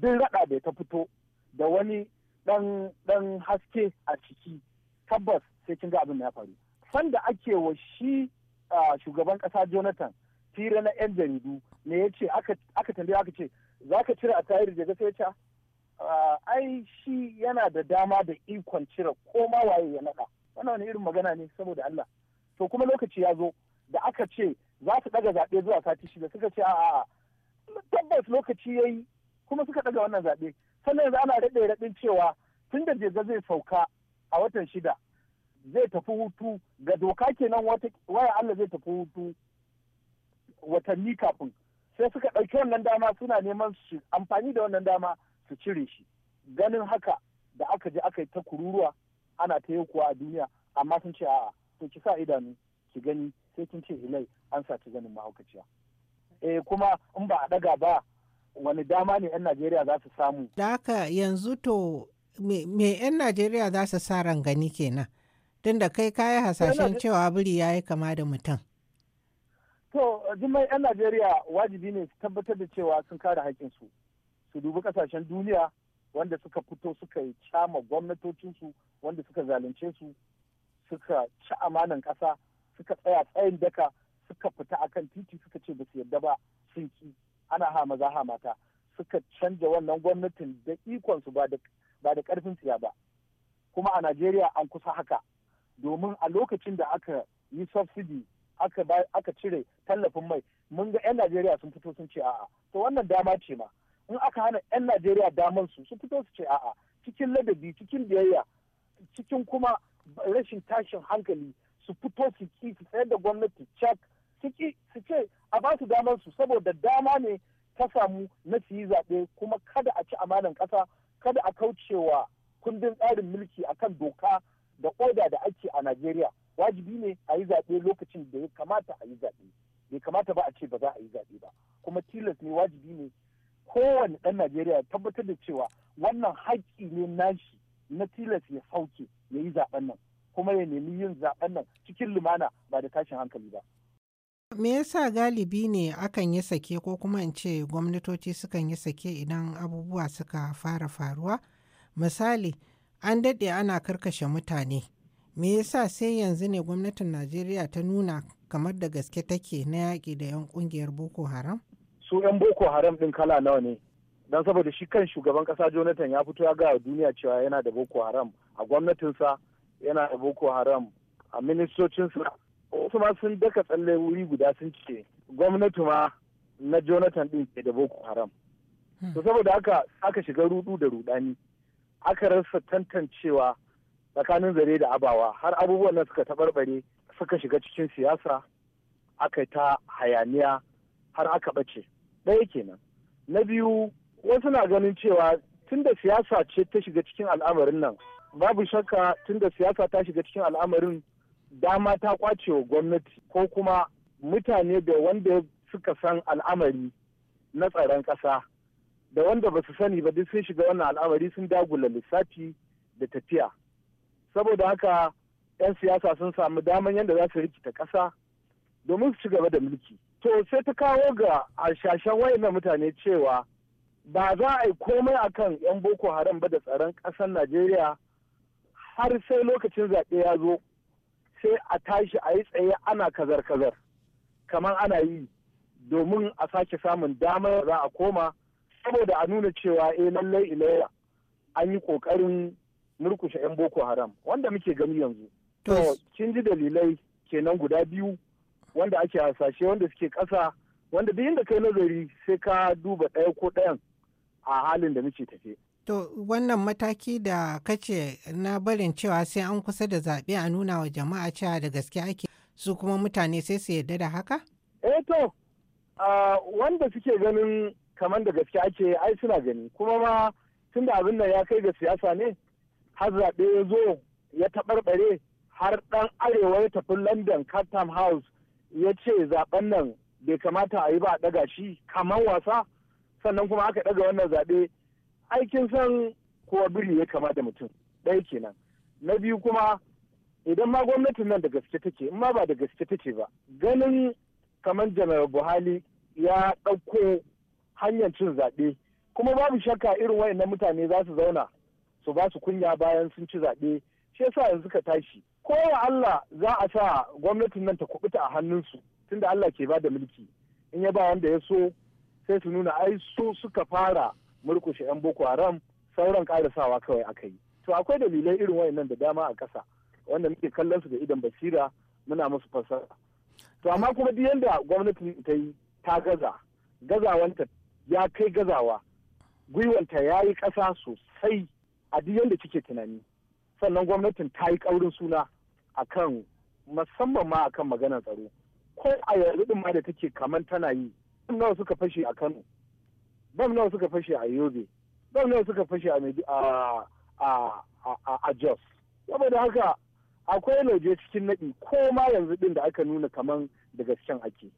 duk raɗa bai ta fito da wani ɗan haske a ciki tabbas sai kin ga abin ya faru sanda ake wa shi shugaban ƙasa jonathan fira na 'yan jaridu ne ya ce aka tambaya aka ce za ka cire a tayar da sai ta ai shi yana da dama da ikon cire ko ma waye ya naɗa wannan wani irin magana ne saboda Allah to kuma lokaci ya zo da aka ce za su ɗaga zaɓe zuwa sati shida suka ce a'a tabbas lokaci ya yi kuma suka ɗaga wannan zaɓe sannan yanzu ana raɗe raɗin cewa tun da jega zai sauka a watan shida zai tafi hutu ga doka kenan waya Allah zai tafi hutu watanni kafin sai suka ɗauki wannan dama suna neman su amfani da wannan dama su cire shi ganin haka da aka je aka yi ta kururuwa ana ta yi kuwa a duniya amma sun ce a'a to ki sa idanu ki gani sai kin ce hilai an saci ganin mahaukaciya eh kuma in ba a ɗaga ba wani dama ne 'yan najeriya za su samu da haka yanzu to me 'yan najeriya za su sa rangani kenan tun da kai kayi hasashen cewa biri ya yi kama da mutum to jimai 'yan najeriya wajibi ne su tabbatar da cewa sun kare haƙinsu su dubi kasashen duniya wanda suka fito suka yi cama gwamnatocinsu wanda suka zalunce su suka ci amanan ƙasa suka tsaya tsayin daka suka fita akan titi suka ce ba su yarda ba sun ki ana ha maza ha mata suka canja wannan gwamnatin da ikonsu ba da karfin siya ba kuma a najeriya an kusa haka domin a lokacin da aka yi subsidy aka cire tallafin mai mun ga 'yan najeriya sun fito sun ce a'a to wannan dama ce ma in aka hana 'yan najeriya damar su su fito su ce a'a cikin ladabi cikin biyayya cikin kuma rashin tashin hankali su fito su ki su tsayar da gwamnati cak su ce a ba su damar su saboda dama ne ta samu na su yi zaɓe kuma kada a ci amanan ƙasa kada a kaucewa kundin tsarin mulki a kan doka da oda da ake a Najeriya wajibi ne a yi zaɓe lokacin da ya kamata a yi zaɓe bai kamata ba a ce ba za a yi zaɓe ba kuma tilas ne wajibi ne kowane ɗan Najeriya tabbatar da cewa wannan haƙƙi ne nashi na tilas ya sauke ya yi zaɓen nan kuma ya nemi yin zaɓen nan cikin lumana ba da tashin hankali ba. me yasa galibi ne akan yi sake ko kuma in ce gwamnatoci sukan yi sake idan abubuwa suka fara faruwa? Misali, an daɗe ana karkashe mutane. Me yasa sai yanzu ne gwamnatin Najeriya ta nuna kamar da gaske take na yaƙi da 'yan ƙungiyar Boko Haram? Su 'yan Boko Haram ɗin kala nawa ne? Don saboda shi kan shugaban ƙasa Jonathan ya fito ya ga duniya cewa yana da Boko Haram a gwamnatinsa yana da Boko Haram a ministocinsa wasu ma sun daka tsalle wuri guda sun ce gwamnati ma na jonathan din ke da boko haram hmm. to saboda haka aka shiga rudu da rudani aka rasa tantancewa tsakanin zare da abawa har abubuwan nan suka tabarbare suka shiga cikin siyasa aka ta hayaniya har aka ɓace ɗaya kenan na biyu wasu na ganin cewa tunda siyasa ce ta shiga cikin al'amarin nan babu shakka tunda siyasa ta shiga cikin al'amarin dama ta kwace wa gwamnati ko kuma mutane da wanda suka san al'amari na tsaron ƙasa da wanda ba su sani ba duk sun shiga wannan al'amari sun dagula lissafi da tafiya saboda haka 'yan siyasa sun samu daman yadda za su rikita ƙasa domin su ci gaba da mulki to sai ta kawo ga harshashen wayannan mutane cewa ba za a yi komai akan 'yan boko haram ba da tsaron ƙasar najeriya har sai lokacin zaɓe ya zo sai a tashi a yi tsaye ana kazar-kazar kamar ana yi domin a sake samun damar za a koma saboda a nuna cewa e lallai ilayya an yi kokarin murkushe 'yan boko haram wanda muke gani yanzu to kin ji dalilai kenan guda biyu wanda ake hasashe wanda suke ƙasa wanda duk inda kai nazari sai ka duba ɗaya ko ɗayan a halin da muke tafe To wannan mataki da kace na barin cewa sai an kusa da zaɓe a nuna wa jama'a cewa da gaske ake su kuma mutane sai su yarda da haka? Eh to, wanda suke ganin kamar da gaske ake ai suna gani kuma ma tun da abin nan ya kai ga siyasa ne har zaɓe ya zo ya taɓarɓare har ɗan arewa ya tafi London Cartam House ya ce zaɓen nan bai kamata a yi ba a ɗaga shi kamar wasa sannan kuma aka ɗaga wannan zaɓe aikin san kowa biri ya kama da mutum ɗaya kenan na biyu kuma idan ma gwamnatin nan da gaske take in ma ba da gaske take ba ganin kamar janar buhari ya ɗauko hanyar cin zaɓe kuma babu shakka irin na mutane za su zauna su ba su kunya bayan sun ci zaɓe shi yasa yanzu suka tashi ko ya Allah za a sa gwamnatin nan ta kubuta a hannunsu tunda Allah ke ba da mulki in ya ba wanda ya so sai su nuna ai su suka fara murkushe 'yan boko haram sauran karasawa kawai aka yi to akwai dalilai irin wayannan da dama a ƙasa wanda muke kallon su da idan basira muna musu fassara to amma kuma duk yanda gwamnati ta yi ta gaza gazawanta ya kai gazawa gwiwanta ya yi ƙasa sosai a duk yanda kike tunani sannan gwamnatin ta yi ƙaurin suna akan musamman ma akan maganar tsaro ko a yanzu ma da take kaman tana yi nawa suka fashe a kano bam nawa suka fashe a yobe bam nawa suka fashe a jos saboda haka akwai lauje cikin naɗi ko ma yanzu ɗin da aka nuna kaman da gasken ake